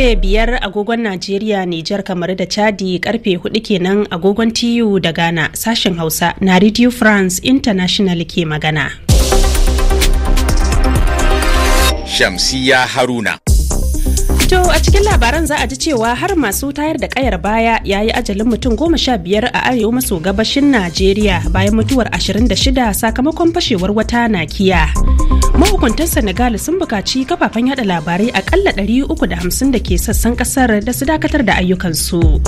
karfe biyar agogon Najeriya, Nijar, kamar da Chadi karfe hudu kenan agogon TU da Ghana sashen Hausa na Radio France International ke magana. Shamsiya Haruna. To a cikin labaran za a ji cewa har masu tayar da kayar baya ya yi ajalin mutum goma sha biyar a arewa maso gabashin Najeriya bayan mutuwar 26 sakamakon fashewar wata na nakiya. mahukuntan senegal sun bukaci kafafen yada labarai akalla 350 da ke sassan kasar da su dakatar da ayyukansu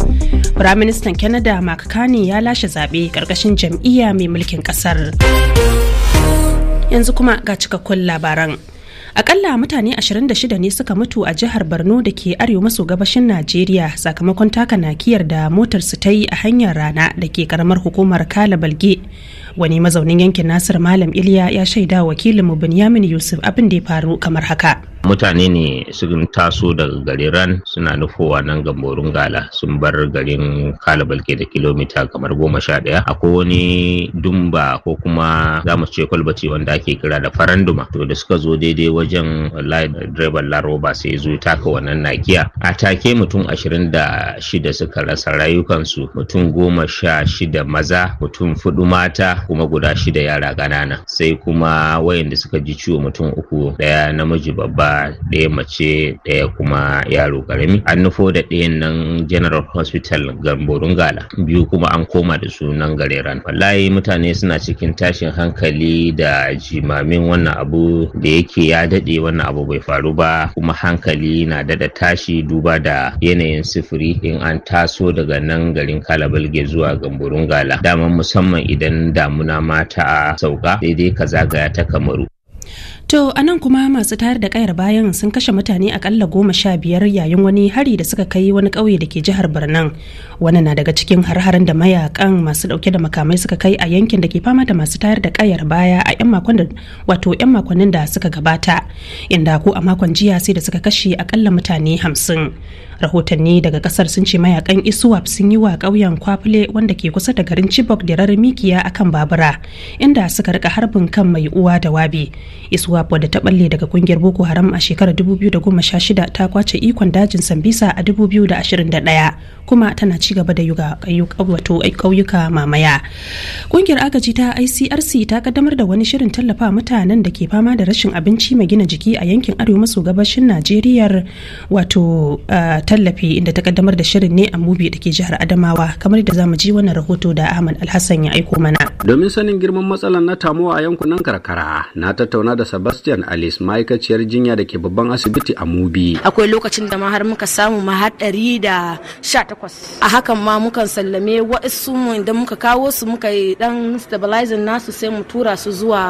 firaministan canada mark carney ya lashe zaɓe ƙarƙashin jam'iyya mai mulkin kasar yanzu kuma ga cikakkun labaran akalla mutane 26 ne suka mutu a jihar borno da ke arewa maso gabashin najeriya sakamakon taka nakiyar da motar su ta yi a hanyar rana da ke karamar hukumar kala balge wani mazaunin yankin nasir malam iliya ya shaida wakilin mu binyamin yusuf abin da ya faru kamar haka mutane ne sun taso daga garin ran suna nufowa nan gamborun gala sun bar garin kalabalke da kilomita kamar goma sha ɗaya akwai wani dumba ko kuma za mu ce kwalbati wanda ake kira da faranduma to da suka zo daidai wajen wallahi direban laroba sai zo taka wannan nakiya a take mutum ashirin da shida suka rasa rayukansu mutum goma sha shida maza mutum fudu mata kuma guda shida yara ƙanana sai kuma wayanda suka ji ciwo mutum uku ɗaya namiji babba daya mace daya kuma yaro karami an nufo da ɗayan nan general hospital gamborun gala biyu kuma an koma da su nan gareran wallahi mutane suna cikin tashin hankali da jimamin wannan abu da yake ya daɗe wannan abu bai faru ba kuma hankali na dada tashi duba da yanayin sifiri in an taso daga nan garin kalabalge zuwa gamborun gala daman musamman idan da damuna mata ta sauka daidai ka zagaya ta kamaru To a nan kuma masu tayar da kayar bayan sun kashe mutane akalla goma sha biyar yayin wani hari da suka kai wani ƙauye da ke jihar Birnin. wani na daga cikin har harin da mayakan masu ɗauke da makamai suka kai a yankin da ke fama da masu tayar da kayar baya a 'yan makon wato 'yan makonnin da suka gabata. Inda ko a makon jiya sai da suka kashe akalla mutane hamsin. rahotanni daga kasar sun ce mayakan isuwap sun yi wa ƙauyen kwafule wanda ke kusa da garin chibok da rarar mikiya akan babura inda suka rika harbin kan mai uwa da wabi isuwap wadda ta balle daga kungiyar boko haram a shekarar 2016 ta kwace ikon dajin sambisa a 2021 kuma tana ci gaba da yuga ƙauyuka mamaya kungiyar agaji ta icrc ta kaddamar da wani shirin tallafa mutanen da ke fama da rashin abinci mai gina jiki a yankin arewa maso gabashin najeriya wato eh, tallafi inda ta kaddamar da shirin ne a mubi da ke jihar Adamawa kamar da zamu ji wannan rahoto da Ahmad Alhassan ya aiko mana. Domin sanin girman matsalar na tamuwa a yankunan karkara na tattauna da Sebastian Alice ma'aikaciyar jinya da ke babban asibiti a mubi. Akwai lokacin da ma har muka samu ma har ɗari da sha takwas. A hakan ma mukan sallame wa'isu mu idan muka kawo su muka yi dan stabilizing nasu sai mu tura su zuwa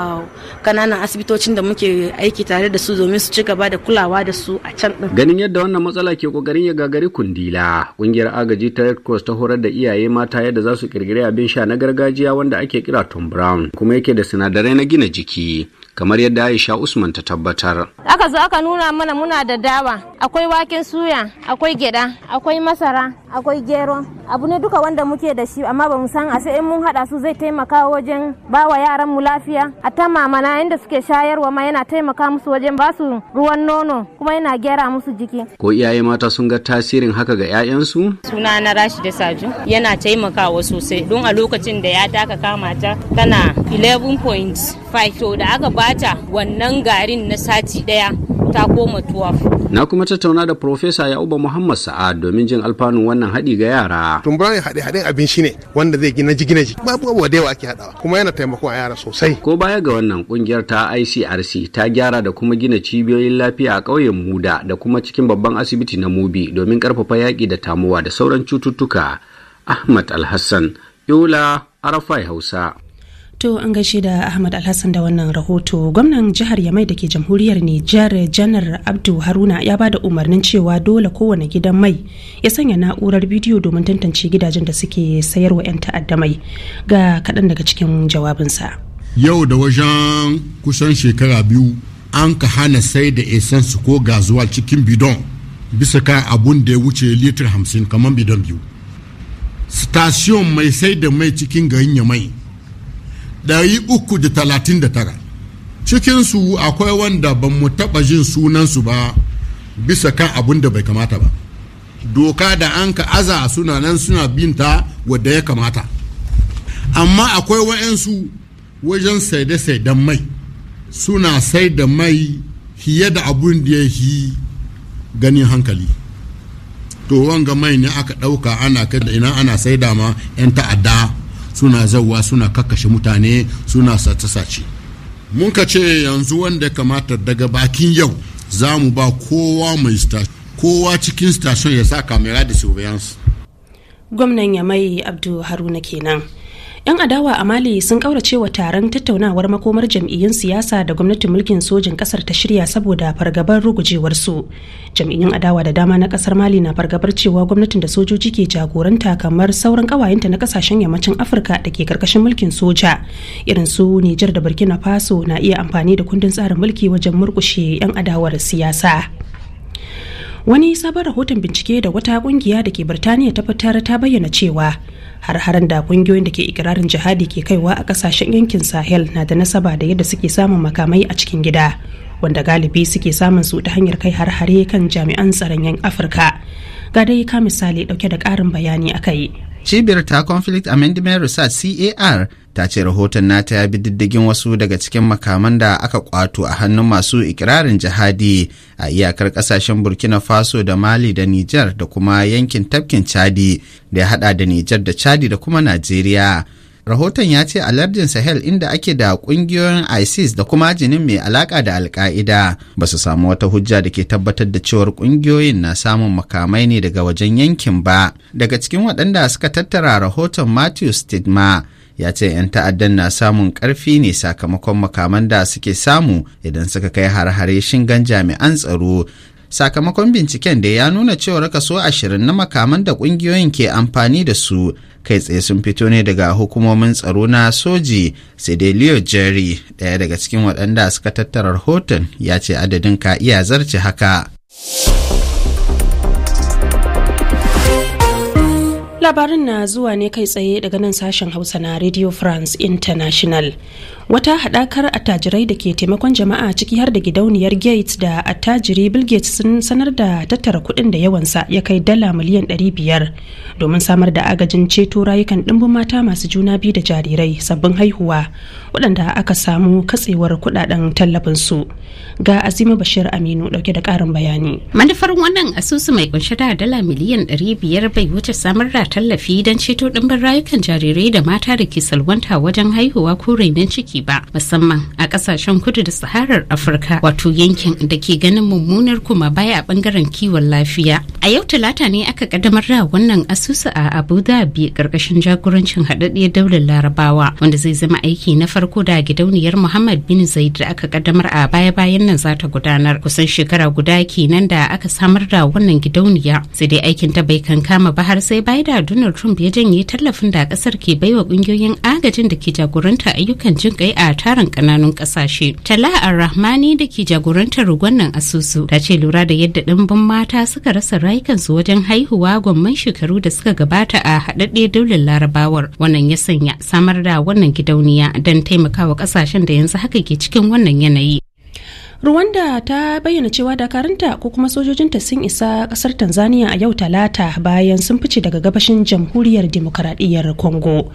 kananan asibitocin da muke aiki tare da su domin su ci gaba da kulawa da su a can ɗin. Ganin yadda wannan matsala ke kokari don ya gagari kundila ƙungiyar agaji ta red cross ta horar da iyaye mata yadda za su ƙirƙiri abin sha na gargajiya wanda ake kira tom brown kuma yake da sinadarai na gina jiki kamar yadda Aisha Usman ta tabbatar. Aka zo aka nuna mana muna da dawa, akwai waken suya, akwai gyada, akwai masara, akwai gero. Abu ne duka wanda muke da shi amma ba mu san a sai in mun hada su zai taimaka wajen ba wa yaran mu lafiya. A ta mamana inda suke shayarwa ma yana taimaka musu wajen ba su ruwan nono kuma yana gyara musu jiki. Ko iyaye mata sun ga tasirin haka ga 'ya'yansu? Suna na da Saju yana taimakawa sosai don a lokacin da ya taka kama ta tana 11.5 to da aka ba bata wannan garin na sati daya ta koma tuwaf. Na kuma tattauna da Profesa Ya'uba Muhammad Sa'ad domin jin alfanun wannan haɗi ga yara. Tumburan haɗe-haɗen abin shi ne wanda zai gina ji gina ji. Babu abubuwa da yawa ake haɗawa kuma yana taimako a yara sosai. Ko baya ga wannan ƙungiyar ta ICRC ta gyara da kuma gina cibiyoyin lafiya a ƙauyen Muda da kuma cikin babban asibiti na Mubi domin ƙarfafa yaƙi da tamuwa da sauran cututtuka. Ahmad Alhassan, Yola, Arafai Hausa. To an gaishe da Ahmad Alhassan da wannan rahoto. Gwamnan jihar Yamai da ke jamhuriyar Nijar Janar Abdu Haruna ya ba da umarnin cewa dole kowane gidan mai ya sanya na'urar bidiyo domin tantance gidajen da suke sayarwa 'yan ta'adda mai ga kaɗan daga cikin jawabinsa. Yau da wajen kusan shekara biyu an ka hana sai da esensu ko gazuwa cikin bidon bisa kan abun da ya wuce litir hamsin kamar bidon biyu. Sitasiyon mai sai da mai cikin garin Yamai 339 cikinsu akwai wanda ba mu taɓa jin sunansu ba bisa kan abun da bai kamata ba doka da an ka aza suna nan suna binta wadda ya kamata amma akwai wa'yansu wajen saide saida mai suna saida mai fiye da abun da ya yi ganin hankali to wanga mai ne aka ɗauka ana kai da ina ana saida ma 'yan ta'adda suna zawa suna kakkashe mutane suna sace-sace mun ka ce yanzu wanda ya kamata daga bakin yau za mu ba kowa mai kowa cikin station ya sa kamera da surveillance gwamnan yamai abdu haruna kenan 'Yan adawa a Mali sun wa taron tattaunawar makomar jam'iyyun siyasa da gwamnatin mulkin sojin kasar ta shirya saboda fargabar rugujewarsu. Jam'iyyun adawa da dama na kasar Mali na fargabar cewa gwamnatin da sojoji ke jagoranta kamar sauran kawayenta na kasashen yammacin Afirka da ke karkashin mulkin soja. Irin su Nijar da Burkina Faso na iya amfani da kundin tsarin mulki wajen murkushe 'yan adawar siyasa. Wani sabon rahoton bincike da wata kungiya da ke Birtaniya ta fitar ta bayyana cewa har-haren da kungiyoyin da ke ikirarin jihadi ke kaiwa a kasashen yankin sahel na da nasaba da yadda suke samun makamai a cikin gida wanda galibi suke samun su ta hanyar kai har-hare kan jami'an tsaron yan afirka ga dai ka misali dauke da karin bayani akai Cibiyar ta Conflict Amendment Research CAR ta ce rahoton nata ya bi diddigin wasu daga cikin makaman da aka kwato a hannun masu ikirarin jihadi a iyakar kasashen burkina faso da mali da nijar da kuma yankin tafkin chadi da ya hada da nijar da chadi da kuma najeriya rahoton ya ce a lardin sahel inda ake da kungiyoyin isis da kuma jinin mai alaka da alka'ida ba su samu wata hujja da ke tabbatar da cewar kungiyoyin na samun makamai ne daga wajen yankin ba daga cikin waɗanda suka tattara rahoton matthew stigma ya ce 'yan ta'addan na samun ƙarfi ne sakamakon makaman da suke samu idan suka kai har-hare shingan jami'an tsaro sakamakon binciken da ya nuna cewar kaso ashirin na makaman da ƙungiyoyin ke amfani da su kai tsaye sun fito ne daga hukumomin tsaro na soji sai dai leo jerry ɗaya daga cikin waɗanda suka tattara rahoton ya ce adadin ka iya zarce haka labarin na zuwa ne kai tsaye daga nan sashen hausa na radio france international wata haɗakar attajirai da ke taimakon jama'a ciki har da gidauniyar gates da attajiri bill gates sun sanar da tattara kuɗin da yawansa ya kai dala miliyan 500 domin samar da agajin ceto rayukan ɗimbin mata masu juna biyu da jarirai sabbin haihuwa waɗanda aka samu katsewar kuɗaɗen tallafin su ga azima bashir aminu ɗauke da ƙarin bayani manufar wannan asusu mai kunshe da dala miliyan 500 bai wuce samar da tallafi don ceto ɗimbin rayukan jarirai da mata da ke salwanta wajen haihuwa ko rainon ciki ba musamman a kasashen kudu da saharar afirka wato yankin da ke ganin mummunar kuma baya a ɓangaren kiwon lafiya a yau talata ne aka kaddamar da wannan asusu a abu dhabi ƙarƙashin jagorancin haɗaɗɗiyar daular larabawa wanda zai zama aiki na farko da gidauniyar muhammad bin zaid da aka kaddamar a baya-bayan nan za ta gudanar kusan shekara guda kenan da aka samar da wannan gidauniya sai dai aikin ta bai kankama ba har sai bai da donald trump ya janye tallafin da ƙasar ke baiwa ƙungiyoyin agajin da ke jagoranta ayyukan jin kai a tarin kananun kasashe tala arrahmani da ke jagorantar wannan asusu ta ce lura da yadda dimbin mata suka rasa rayukansu wajen haihuwa gwamman shekaru da suka gabata a haɗaɗɗe daular larabawar wannan ya sanya samar da wannan gidauniya don taimakawa kasashen da yanzu haka ke cikin wannan yanayi Rwanda ta bayyana cewa dakaranta ko kuma sojojinta sun isa kasar Tanzania a yau talata bayan sun fice daga gabashin jamhuriyar demokaradiyyar Congo.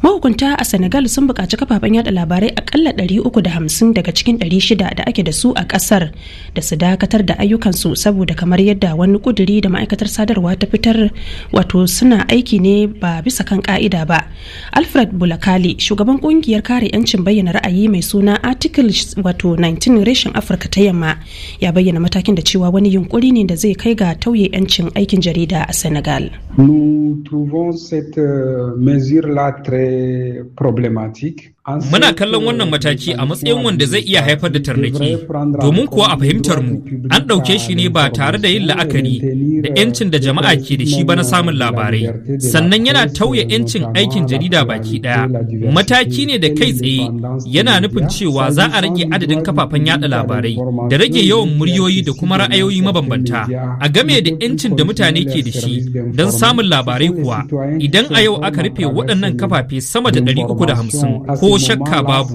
Mahukunta a Senegal sun buƙaci kafafen yada labarai akalla 350 daga cikin 600 da ake da su a ƙasar da su dakatar da ayyukansu saboda kamar yadda wani kuduri da ma'aikatar sadarwa ta fitar wato suna aiki ne ba bisa kan ka'ida ba. Alfred Bulakali shugaban kungiyar kare 'yancin bayyana ra'ayi mai suna Article wato 19 afirka ta yamma ya bayyana matakin da cewa wani yunkuri ne da zai kai ga tauye 'yancin aikin jarida a senegal Nous trouvons cette euh, mesure-là très problématique. Muna kallon wannan mataki a matsayin wanda zai iya haifar da tarnaki, domin kuwa a fahimtar mu an ɗauke shi ne ba tare da yin la'akari da 'yancin da jama'a ke da shi ba na samun labarai, sannan yana tauye 'yancin aikin jarida baki ɗaya. Mataki ne da kai tsaye yana nufin cewa za a rage adadin kafafen yada labarai da rage yawan muryoyi da kuma ra'ayoyi mabambanta. A game da 'yancin da mutane ke da shi don samun labarai kuwa, idan a yau aka rufe waɗannan kafafe sama da 350 ko shakka babu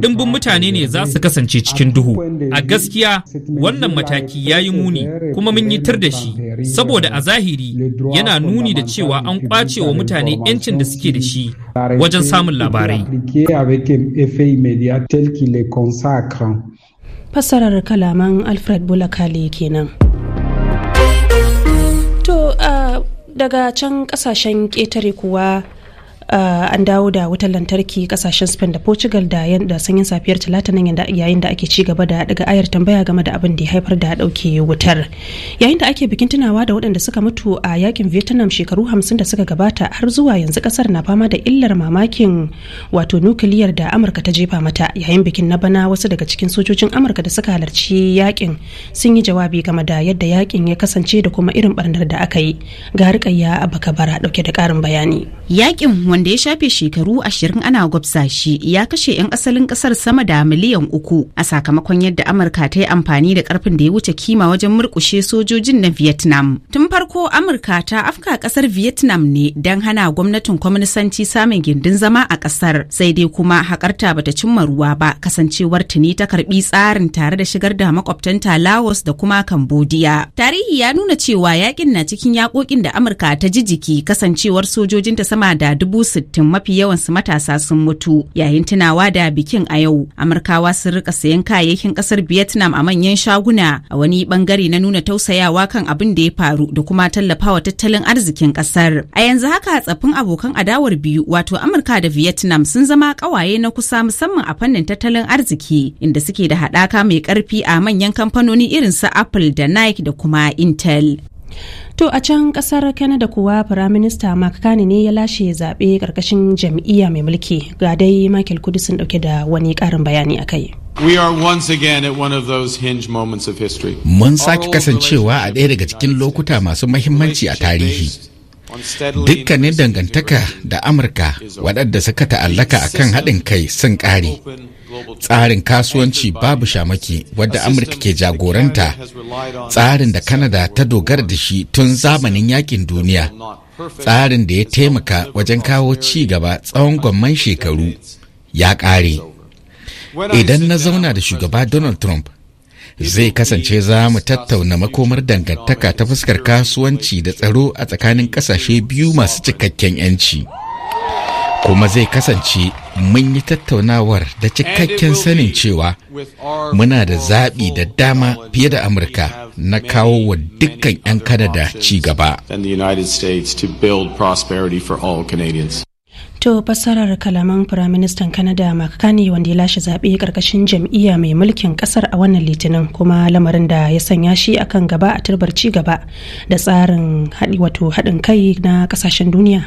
dimbin mutane ne za su kasance cikin duhu a gaskiya wannan mataki ya yi muni kuma mun yi tar da shi saboda a zahiri yana nuni da cewa an ƙwace wa mutane 'yancin da suke da shi wajen samun labarai fassarar kalaman alfred bulakale kenan to ah, daga can kasashen ƙetare kuwa Eh, an dawo da wutar lantarki kasashen spain da portugal da sanyin safiyar talata nan yayin da ake ci gaba da daga ayar tambaya game da abin da ya haifar da dauke wutar yayin da ake bikin tunawa da waɗanda suka mutu a yakin vietnam shekaru hamsin da suka gabata har zuwa yanzu kasar na fama da illar mamakin wato nukiliyar da amurka ta jefa mata yayin bikin na bana wasu daga cikin sojojin amurka da suka halarci yakin sun yi jawabi game da yadda yakin ya kasance da kuma irin barnar da aka yi ga rikayya a bakabara dauke da karin bayani yakin wanda ya shafe shekaru ashirin ana gwabza shi ya kashe 'yan asalin kasar sama da miliyan uku a sakamakon yadda amurka ta yi amfani da karfin da ya wuce kima wajen murkushe sojojin na vietnam tun farko amurka ta afka kasar vietnam ne don hana gwamnatin kwamnisanci samun gindin zama a kasar sai dai kuma hakarta bata cimma ruwa ba kasancewar tuni ta karbi tsarin tare da shigar da makwabtanta laos da kuma cambodia tarihi ya nuna cewa yakin na cikin yakokin da amurka ta ji jiki kasancewar sojojinta sama da dubu sittin mafi yawan su matasa sun mutu yayin tunawa da bikin a yau amurkawa sun rika sayan kayayyakin kasar vietnam a manyan shaguna a wani bangare na nuna tausayawa kan abin da ya faru da kuma tallafawa tattalin arzikin kasar a yanzu haka tsafin abokan adawar biyu wato amurka da vietnam sun zama kawaye na kusa musamman a fannin tattalin arziki inda suke da haɗaka mai ƙarfi a manyan kamfanoni irin su apple da nike da kuma intel To a can kasar Canada kuwa Firaminista Mark Carney ne ya lashe zaɓe ƙarƙashin jam'iyya mai mulki ga dai Michael Kudu sun ɗauke da wani ƙarin bayani a kai. We are once again at one of those hinge moments of history. Mun sake kasancewa a ɗaya daga cikin lokuta masu mahimmanci a tarihi. Dukkanin dangantaka da Amurka waɗanda suka ta'allaka a kan haɗin kai sun ƙare. Tsarin kasuwanci babu shamaki wadda Amurka ke jagoranta, tsarin da Kanada ta dogara da shi tun zamanin yakin duniya, tsarin da ya taimaka wajen kawo ci gaba tsawon gwamman shekaru ya ƙare. Idan na zauna da shugaba Donald Trump, zai kasance za mu tattauna makomar dangantaka ta fuskar kasuwanci da tsaro a tsakanin kasashe biyu masu cikakken 'yanci. kuma zai kasance mun yi tattaunawar da cikakken sanin cewa muna da zaɓi da dama fiye da amurka na kawo wa dukkan 'yan kanada ci gaba To fassarar kalaman Firaministan Kanada Carney wanda ya lashe zaɓe ƙarƙashin jam'iyya mai mulkin ƙasar a wannan litinin kuma lamarin da ya sanya shi akan gaba a turbar ci gaba da tsarin wato haɗin kai na ƙasashen duniya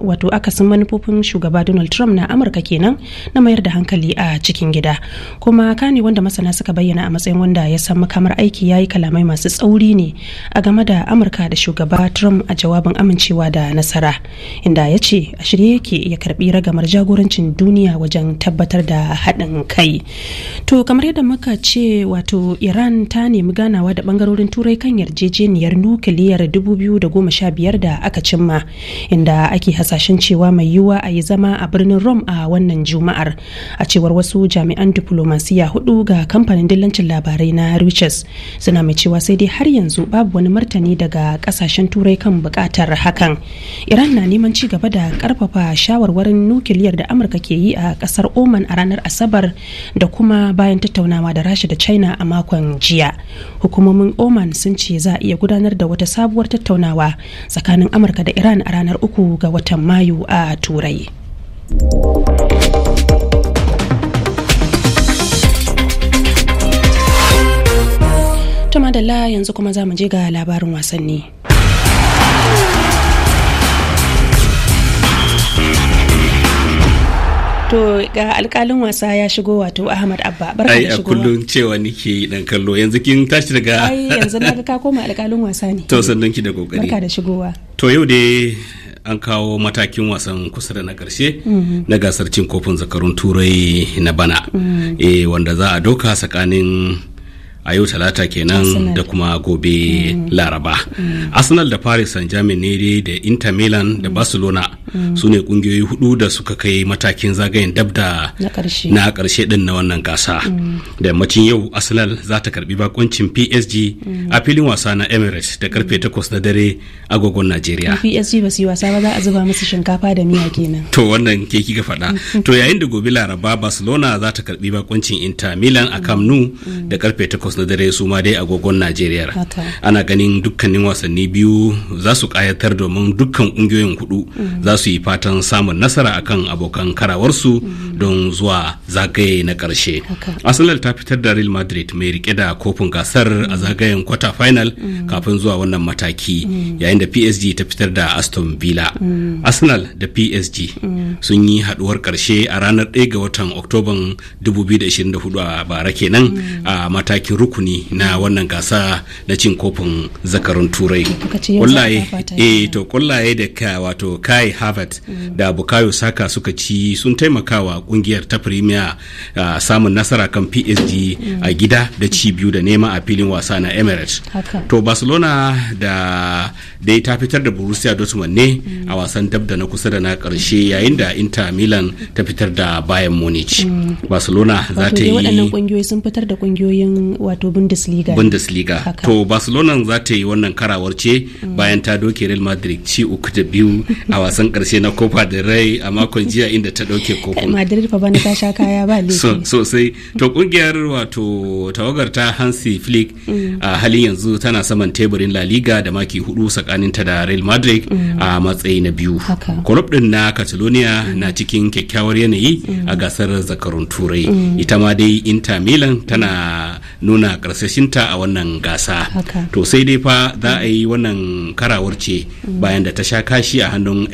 wato akasin manufofin shugaba Donald Trump na Amurka kenan na mayar da hankali a cikin gida. Kuma kane wanda masana suka bayyana a matsayin wanda ya san makamar aiki ya yi kalamai masu tsauri ne a game da Amurka da shugaba Trump a jawabin amincewa da nasara inda ya ce a shirye yake iya karbi ragamar jagorancin duniya wajen tabbatar da haɗin kai to kamar yadda muka ce wato iran ta nemi ganawa da bangarorin turai kan yarjejeniyar nukiliyar 2015 da aka cimma inda ake hasashen cewa mai yiwuwa a yi zama a birnin rom a wannan juma'ar a cewar wasu jami'an diplomasiya hudu ga kamfanin dillancin labarai na reuters suna mai cewa sai dai har yanzu babu wani martani daga kasashen turai kan bukatar hakan iran na neman ci gaba da karfafa shawarwarin nukiliyar da amurka ke yi a kasar oman a ranar asabar da kuma bayan tattaunawa da rasha da china a makon jiya hukumomin oman sun ce za a iya gudanar da wata sabuwar tattaunawa tsakanin amurka da iran a ranar uku ga watan mayu a turai madalla da yanzu kuma za mu je ga labarin wasanni. To ga alkalin wasa ya shigo wato Ahmad Abba barka da shigo. Ai a kullun cewa nike dan kallo yanzu kin tashi daga Ai yanzu na ga ka koma alkalin wasa ne. To sannan ki da kokari. Barka da shigowa. To yau dai an kawo matakin wasan kusa da na karshe mhm. na gasar cin kofin zakarun turai na bana. Mhm. Eh, wanda za a doka tsakanin a yau talata kenan da kuma gobe mm. laraba mm. arsenal da paris saint germain ne dai da inter milan da mm. barcelona mm. su ne kungiyoyi hudu da suka kai matakin zagayen dabda da na karshe din na wannan gasa da yammacin yau arsenal za ta karbi bakoncin psg a filin wasa na emirates da karfe 8 na dare agogon najeriya psg ba su yi wasa ba za a zuba musu shinkafa da miya kenan to wannan ke kika faɗa to yayin da gobe laraba barcelona za ta karbi bakoncin inter milan a camp nou da karfe 8 na dare su ma dai agogon najeriya ana ganin dukkanin wasanni biyu za su kayatar domin dukkan kungiyoyin kudu mm-hmm. za su yi fatan samun nasara akan abokan karawarsu mm-hmm. don zuwa zagaye na karshe arsenal ta fitar da real madrid mai rike da kofin gasar a mm-hmm. zagayen quarter final kafin zuwa wannan mataki yayin da psg ta fitar da aston villa arsenal da psg sun yi haduwar karshe a ranar 1 ga watan oktoban 2024 a bara kenan a matakin rukuni na wannan gasa na cin kofin zakarun turai kullaye eh to kullaye da ka wato kai harvard mm. da bukayo saka suka ci sun taimakawa kungiyar ta premier samun nasara kan psg mm. a gida da ci biyu da nema a filin wasa na emirates to barcelona da dai ta fitar da borussia dortmund ne mm. a wasan dab da na kusa da na karshe yayin da inter milan ta fitar da bayan munich barcelona za ta yi wato bundesliga bundesliga to barcelona za ta yi wannan karawar ce bayan ta doke real madrid ci uku da biyu a wasan karshe na copa del rey a makon jiya inda ta doke kofin madrid fa bana ta sha kaya ba sosai to kungiyar wato tawagar ta hansi flick mm. a halin yanzu tana saman teburin la liga da maki hudu ta da real madrid mm. a matsayi na biyu club din na catalonia mm. na cikin kyakkyawar yanayi a gasar zakarun turai ita ma dai inter milan tana nuna karsashinta a wannan gasa to sai dai fa za a yi wannan karawar ce bayan da ta sha kashi a hannun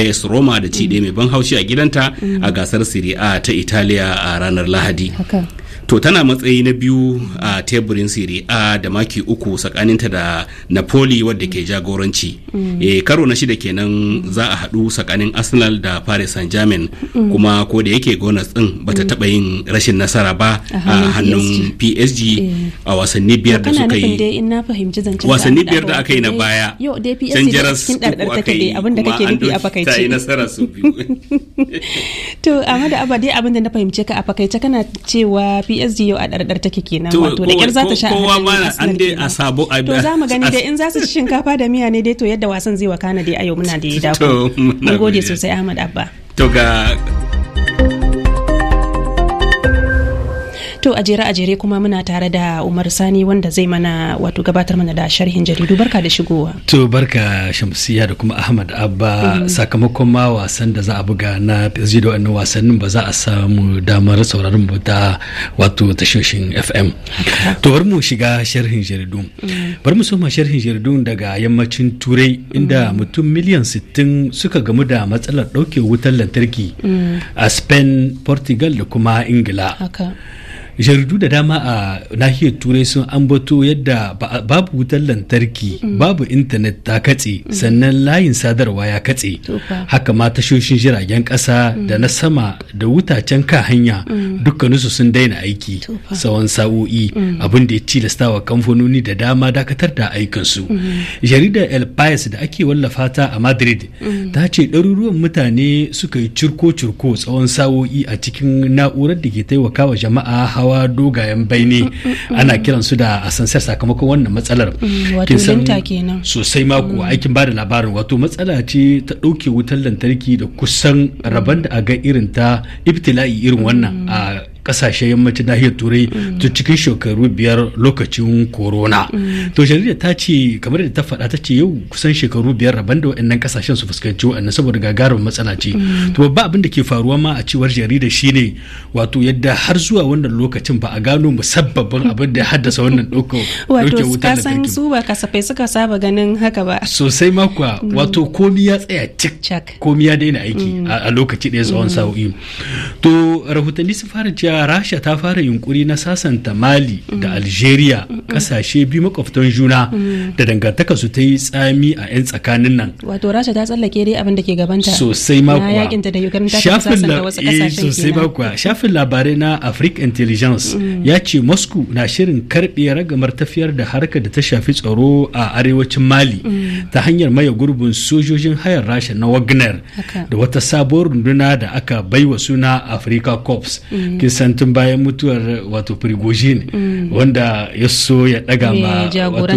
as roma da ci mai ban haushi a gidanta a gasar siri'a ta italiya a ranar lahadi to tana matsayi na biyu a teburin serie a da maki uku tsakaninta da napoli wadda ke jagoranci e, karo na shida kenan za a haɗu tsakanin arsenal da paris saint germain mm. kuma ko da yake gonas din bata mm. taɓa yin rashin nasara ba a hannun psg eh. a wasanni biyar da suka yi wasanni biyar da aka yi na baya can jaras uku aka yi kuma an ta yi nasara su biyu to amma da abadai abin da na fahimce ka a fakaice kana cewa psd yau a ɗarɗar take kenan wato da za sha kowa ma an dai a sabo a to za mu gani dai in za su ci shinkafa da miya ne dai to yadda wasan zai wakana dai a yau muna da ya to mun gode sosai ahmad abba to ga To a jere a jere kuma muna tare da Umar Sani wanda zai mana wato gabatar mana da sharhin jaridu barka da shigowa. To barka Shamsiya da kuma Ahmad Abba mm-hmm. sakamakon ma wasan da za a buga na PSG da wannan wasannin ba za a samu damar sauraron mu ta wato tashoshin FM. To bari mu shiga sharhin jaridu. Mm-hmm. Bari mu soma sharhin jaridu daga yammacin Turai inda mm-hmm. mutum miliyan 60 suka gamu da matsalar ɗauke wutar lantarki a Spain, Portugal da kuma Ingila. jaridu da dama a nahiyar turai sun ambato yadda babu wutar lantarki mm. babu intanet ta katse mm. sannan layin sadarwa ya katse haka ma tashoshin jiragen kasa da mm. na sama da wutacen ka hanya dukkaninsu sun daina aiki tsawon sa'o'i abin da ya tilasta wa kamfanoni da dama dakatar da aikinsu jaridar el pais da ake wallafa ta a madrid ta ce ɗaruruwan mutane suka yi curko-curko tsawon sa'o'i a cikin na'urar da ke taimaka wa jama'a hawa dogayen baini ana kiransu da sansar sakamakon wannan matsalar mm, kin san sosai mako mm. aikin bada labarin wato matsala ce ta dauke wutar lantarki da kusan rabon da a ga irin ta ibtila'i irin wannan mm. a kasashen yammacin nahiyar turai mm. to cikin shekaru biyar lokacin corona mm. to jarida ta ce kamar da ta faɗa ta ce yau kusan shekaru biyar rabon da waɗannan kasashen su fuskanci waɗannan saboda gagarumin matsala ce mm. to babba abin da ke faruwa ma a cewar jarida shine wato yadda har zuwa wannan lokacin ba a gano musabbabin abin da ya haddasa wannan ɗaukar wato kasan su ba kasafai suka saba ganin haka ba sosai kuwa wato komi ya tsaya cik komi ya daina aiki a lokaci ɗaya tsawon sa'o'i to rahotanni sun fara cewa cewa rasha ta fara yunkuri na sasanta mali da algeria kasashe biyu makwabtan juna da dangantaka su ta yi tsami a 'yan tsakanin nan wato rasha ta tsallake dai abin da ke gabanta sosai makuwa eh, sosai shafin labarai na africa intelligence mm. ya ce moscow na shirin karbe ragamar tafiyar da harkar da ta shafi tsaro a arewacin mali mm. ta hanyar maye gurbin sojojin hayar rasha na wagner da wata sabuwar runduna da aka baiwa suna africa corps mm. kusan bayan mutuwar wato prigozhin mm. wanda ya so ya daga ma wato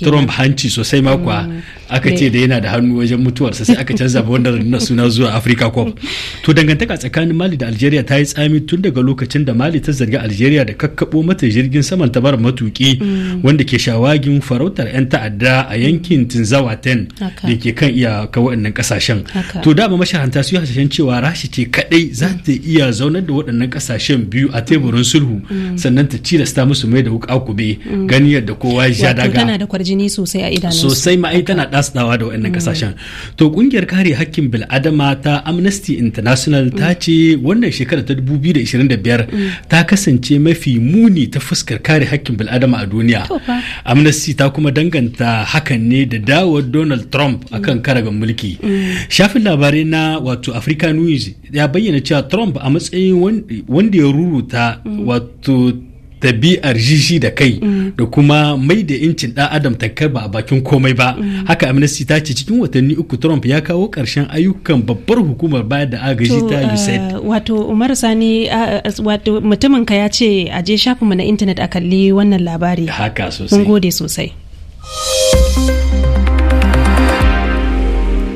trump hanci sosai makwa mm. aka ce da yana da hannu wajen mutuwarsa sai aka canza ba wanda na suna zuwa Africa Cup to dangantaka tsakanin Mali da Algeria ta yi tsami tun daga lokacin da Mali ta zargi Algeria da kakkabo mata jirgin saman ta matuki mm. wanda ke shawagin farautar 'yan ta'adda a yankin Tinzawaten da ke kan iyaka waɗannan kasashen to dama masharanta su yi hasashen cewa Rashi ce kadai za ta iya zaunar da waɗannan kasashen biyu a teburin mm. sulhu mm. sannan ta cilasta musu mai da wuka kube gani yadda kowa ya daga tana da kwarjini sosai a idanunsu sosai ma'ai tana ɗasawa da waɗannan kasashen to ƙungiyar kare hakkin bil'adama ta amnesty international ta ce wannan shekara ta biyar ta kasance mafi muni ta fuskar kare hakkin bil'adama a duniya amnesty ta kuma danganta hakan ne da dawowar donald trump akan karagan mulki shafin labarai na wato africa news ya bayyana cewa trump a matsayin wanda ya ruruta wato ɗabi'ar jiji da kai mm. da kuma mai da incin ɗan adam tankar ba a bakin komai ba mm. haka amnesty ta ce cikin watanni uku trump ya kawo ƙarshen ayyukan babbar hukumar bayar da agaji ta eh, usaid wato umar sani wato mutumin ka ya ce a je shafinmu na intanet a kalli wannan labari haka sosai mun gode sosai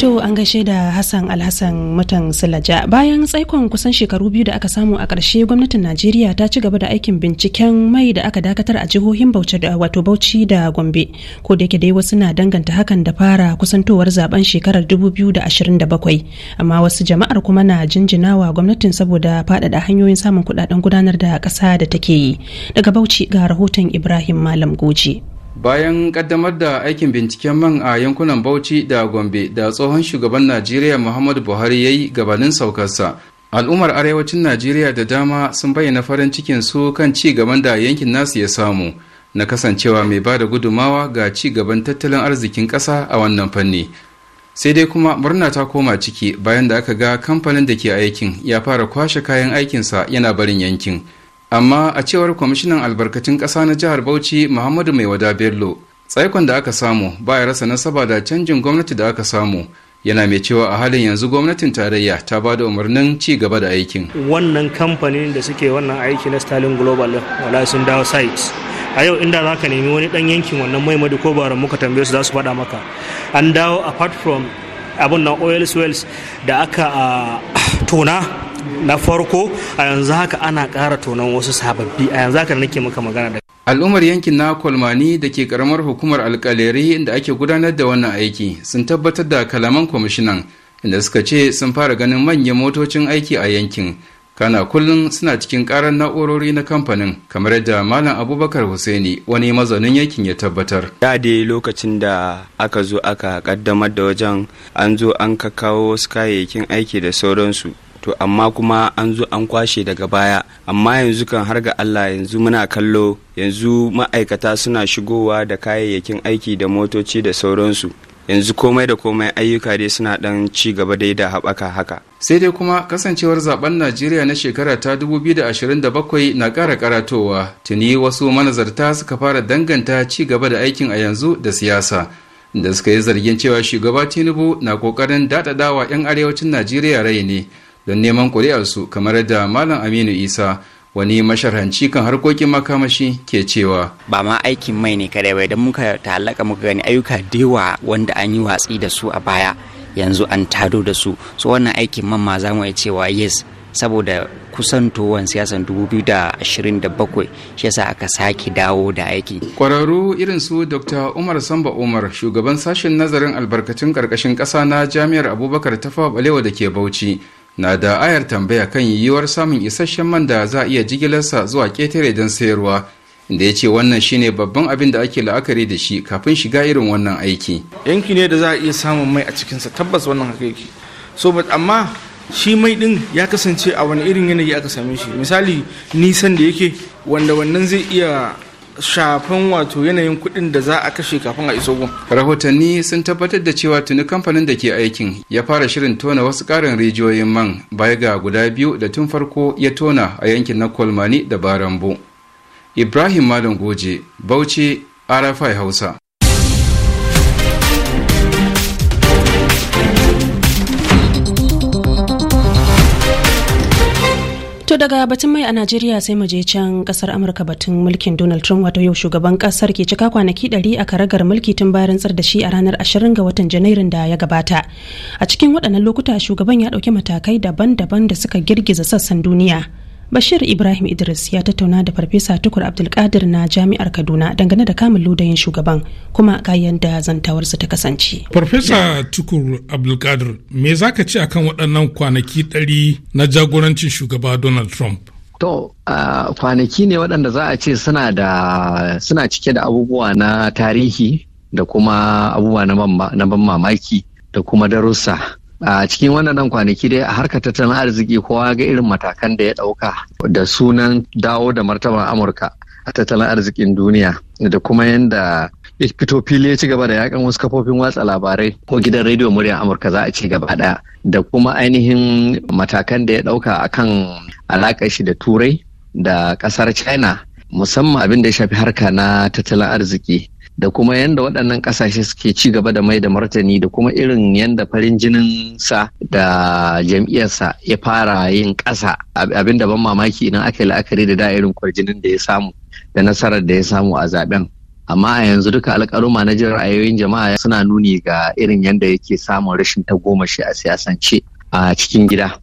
To an gaishe da Hassan Alhassan mutan Silaja bayan tsaikon kusan shekaru biyu da aka samu a ƙarshe gwamnatin Najeriya ta ci gaba da aikin binciken mai da aka dakatar a jihohin Bauchi da wato Bauchi da Gombe ko da yake dai wasu na danganta hakan da fara kusantowar zaben shekarar 2027 amma wasu jama'ar kuma na jinjinawa gwamnatin saboda faɗaɗa hanyoyin samun kuɗaɗen gudanar da ƙasa da take yi daga Bauchi ga rahoton Ibrahim Malam Goji. bayan kaddamar da aikin binciken man a yankunan bauchi da gombe da tsohon shugaban najeriya muhammadu buhari ya yi gabanin saukarsa al'ummar arewacin najeriya da dama sun bayyana farin cikin su kan ci gaban da yankin nasu ya samu na kasancewa mai ba da gudumawa ga ci gaban tattalin arzikin ƙasa a wannan fanni sai dai kuma murna ta koma ciki bayan da aka ga kamfanin da ke aikin ya fara kwashe kayan aikinsa yana barin yankin amma a cewar kwamishinan albarkatun ƙasa na jihar bauchi muhammadu mai wada bello tsaikon da aka samu baya rasa nasaba da canjin gwamnati da aka samu yana mai cewa a halin yanzu gwamnatin tarayya ta ba da umarnin ci gaba da aikin wannan kamfanin da suke wannan aiki na stalin global wala sun dawo site a yau inda za ka nemi wani dan yankin wannan maimadu ko baron muka tambaye su za su faɗa maka an dawo apart from abin nan oil wells da aka ah, tona na farko a yanzu haka ana ƙara tonon wasu sababbi a yanzu haka nake maka magana da al'ummar yankin na kolmani da ke karamar hukumar alkalere inda ake gudanar da wannan aiki sun tabbatar da kalaman kwamishinan inda suka ce sun fara ganin manyan motocin aiki a yankin kana kullum suna cikin karar na'urori na kamfanin kamar yadda malam abubakar Hussaini wani mazaunin yankin ya tabbatar da dai lokacin da aka zo aka kaddamar da wajen an zo an kakawo wasu kayayyakin aiki da sauransu to amma kuma an zo an kwashe daga baya amma yanzu kan har ga Allah yanzu muna kallo yanzu ma'aikata suna shigowa da kayayyakin aiki da motoci da sauransu yanzu komai da komai ayyuka dai suna dan ci gaba dai da haɓaka haka sai dai kuma kasancewar zaben najeriya na shekara ta 2027 na ƙara karatowa tuni wasu manazarta suka fara danganta ci gaba da aikin a yanzu da siyasa da suka yi zargin cewa shugaba tinubu na ƙoƙarin daɗaɗawa 'yan arewacin najeriya rai ne don neman su kamar da malam aminu isa wani masharhanci kan harkokin makamashi ke cewa ba ma aikin mai ne kadai ba idan muka ta'allaka muka gani ayyuka dewa wanda an yi watsi da su a baya yanzu an tado da su so wannan aikin man ma za mu iya cewa yes saboda kusantowar siyasan 2027 shi yasa aka sake dawo da aiki kwararru irin su dr umar samba umar shugaban sashen nazarin albarkatun karkashin kasa na jami'ar abubakar tafa balewa da ke bauchi na da ayar tambaya kan yiwuwar samun isasshen man da za a iya jigilarsa zuwa ƙetare don sayarwa da ya ce wannan shine babban abin da ake la'akari da shi kafin shiga irin wannan aiki yanki ne da za a iya samun mai a cikinsa tabbas wannan haka yake so amma shi mai din ya kasance a wani irin yanayi aka same shi misali nisan da yake wanda wannan zai iya shafin wato yanayin kuɗin da za a kashe kafin a iso gun. Rahotanni sun tabbatar da cewa tuni kamfanin da ke aikin ya fara shirin tona wasu ƙarin rijiyoyin man baya ga guda biyu da tun farko ya tona a yankin na Kolmani da Barambo. Ibrahim Malam Goje, Bauchi, Arafai Hausa. To daga batun mai a Najeriya sai mu je can kasar Amurka batun mulkin Donald Trump wato yau shugaban kasar ke cika kwanaki ɗari a karagar mulki tun bayan rantsar da shi a ranar 20 ga watan Janairun da ya gabata. A cikin waɗannan lokuta shugaban ya ɗauki matakai daban-daban da suka girgiza sassan duniya. Bashir Ibrahim Idris ya tattauna da Farfesa Tukur Abdulkadir na Jami'ar Kaduna dangane da kamun ludayin shugaban kuma ga yadda zantawarsa ta kasance. Farfesa Tukur Abdulkadir me za ka ce akan waɗannan kwanaki ɗari na jagorancin shugaba Donald Trump? To, kwanaki ne waɗanda za a ce suna da suna cike da abubuwa na tarihi da kuma abubuwa na ban mamaki da kuma darussa a cikin wannan kwanaki dai a harkar tattalin arziki kowa ga irin matakan da ya ɗauka da sunan dawo da martaban amurka a tattalin arzikin duniya da kuma yadda fito fili ya ci gaba da yakan wasu kafofin watsa labarai ko gidan rediyo muryar amurka za a ci gaba da da kuma ainihin matakan da ya ɗauka akan alaƙa shi da turai da ƙasar china musamman abin da ya shafi harka na tattalin arziki da kuma yadda waɗannan ƙasashe suke ci gaba da mai da martani da kuma irin yadda farin jinin sa da jam'iyyarsa ya fara yin ƙasa abin da ban mamaki idan aka yi la'akari da da'irin irin kwarjinin da ya samu da nasarar da ya samu a zaben amma a yanzu duka alƙaluma na jin ra'ayoyin jama'a suna nuni ga irin yadda yake samun rashin tagomashi a siyasance a cikin gida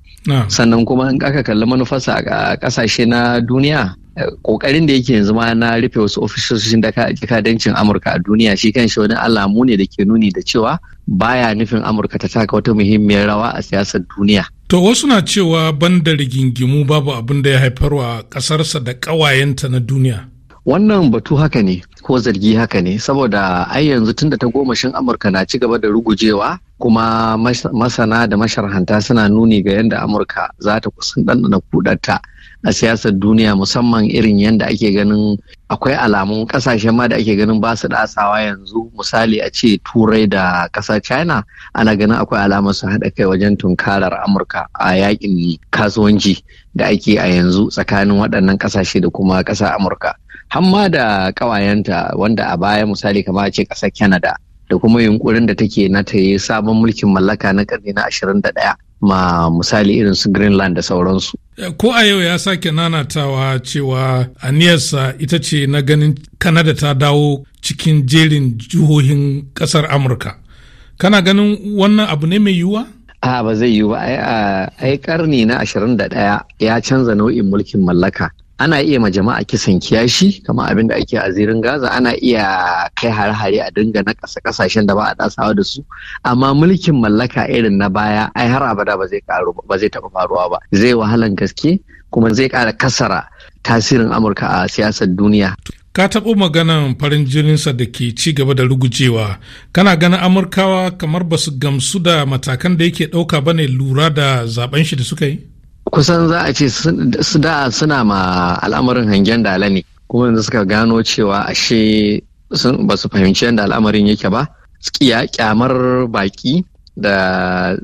sannan kuma in aka kalli manufarsa a kasashe na duniya kokarin eh, da yake yanzu ma na rufe wasu ofisoshin da jakadancin amurka a duniya shi kan shi wani alamu ne da ke nuni da cewa baya nufin amurka ta taka wata muhimmiyar rawa a siyasar duniya to wasu na cewa da rigingimu babu abin da ya haifarwa kasarsa da kawayenta na duniya wannan batu haka ne ko zargi haka ne saboda ai yanzu tunda da ta shin amurka na ci gaba da rugujewa kuma masana da masharhanta suna nuni ga yadda amurka za ta kusan ɗanɗana kudarta a siyasar duniya musamman irin yadda ake ganin akwai alamun ƙasashen ma da ake ganin ba su ɗasawa yanzu misali a ce turai da ƙasa china ana ganin akwai alamar su haɗa kai wajen tunkarar amurka a yakin kasuwanci da ake a yanzu tsakanin waɗannan ƙasashe da kuma ƙasa amurka hamma da ƙawayenta wanda a baya misali kamar a ce ƙasar canada da kuma yunkurin da take na ta yi sabon mulkin mallaka na karni na 21 ma misali irin su greenland da sauransu eh, ko a yau ya sake nanatawa cewa aniyarsa ita ce na ganin kanada ta dawo cikin jerin jihohin kasar amurka kana ganin wannan abu ne mai yiwuwa a ba zai yiwu ba ai karni na 21 ya canza nau'in mulkin mallaka ana iya ma jama'a kisan kiyashi kamar abin da ake a zirin gaza ana iya kai hare-hare a dinga na ƙasa ƙasashen da ba a dasawa da su amma mulkin mallaka irin na baya ai har abada ba zai karu ba zai taɓa faruwa ba zai wahalan gaske kuma zai ƙara kasara tasirin amurka a siyasar duniya ka taɓo maganan farin jininsa da ke ci gaba da rugujewa kana ganin amurkawa kamar ba su gamsu da matakan da yake ɗauka ba ne lura da zaben shi da suka yi kusan za a ce su da suna ma al'amarin hangen dala ne kuma yanzu suka gano cewa ashe ba su fahimci yadda al'amarin yake ba tsikiya kyamar baki da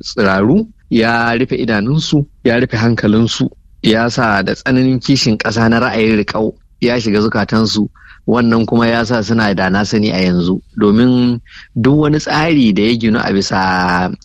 tsiraru ya rufe idanunsu ya rufe hankalinsu ya sa da tsananin kishin ƙasa na ra'ayin riƙau ya shiga zukatansu wannan kuma ya sa suna da na sani a yanzu domin duk wani tsari da ya ginu a bisa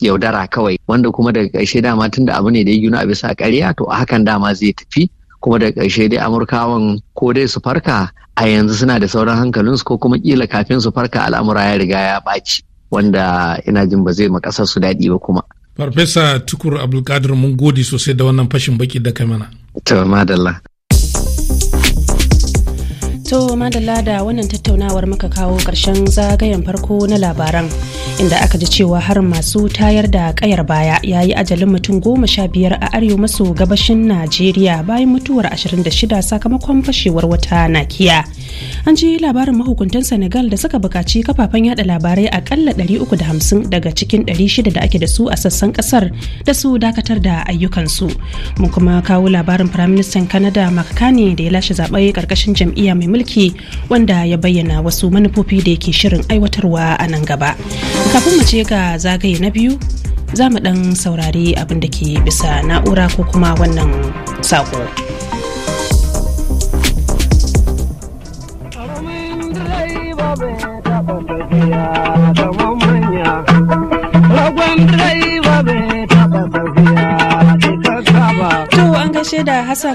yaudara kawai wanda kuma daga ƙarshe dama tun da abu ne da ya ginu a bisa ƙarya to hakan dama zai tafi kuma daga ƙarshe dai amurkawan ko dai su farka a yanzu suna da sauran hankalinsu ko kuma kila kafin su farka al'amura ya riga ya ɓaci wanda ina jin ba zai makasar su daɗi ba kuma. Farfesa Tukur Abdulkadir mun gode sosai da wannan fashin baki da kai mana. Tawa madalla. To madalla da wannan tattaunawar muka kawo ƙarshen zagayen farko na labaran inda aka ji cewa harin masu tayar da ƙayar baya ya yi ajalin mutum goma sha biyar a arewa maso gabashin Najeriya bayan mutuwar 26 sakamakon fashewar wata nakiya. An ji labarin mahukuntan Senegal da suka buƙaci kafafen yada labarai aƙalla 350 daga cikin shida da ake da su a sassan ƙasar da su dakatar da ayyukansu. Mun kuma kawo labarin Firaministan Kanada Mark da ya lashe zaɓe ƙarƙashin jam'iyya mai mulki wanda ya bayyana wasu manufofi da yake shirin aiwatarwa a nan gaba kafin mu ce ga zagaye na biyu za mu dan saurari abin da ke bisa na'ura ko kuma wannan sako To an gaishe da Hassan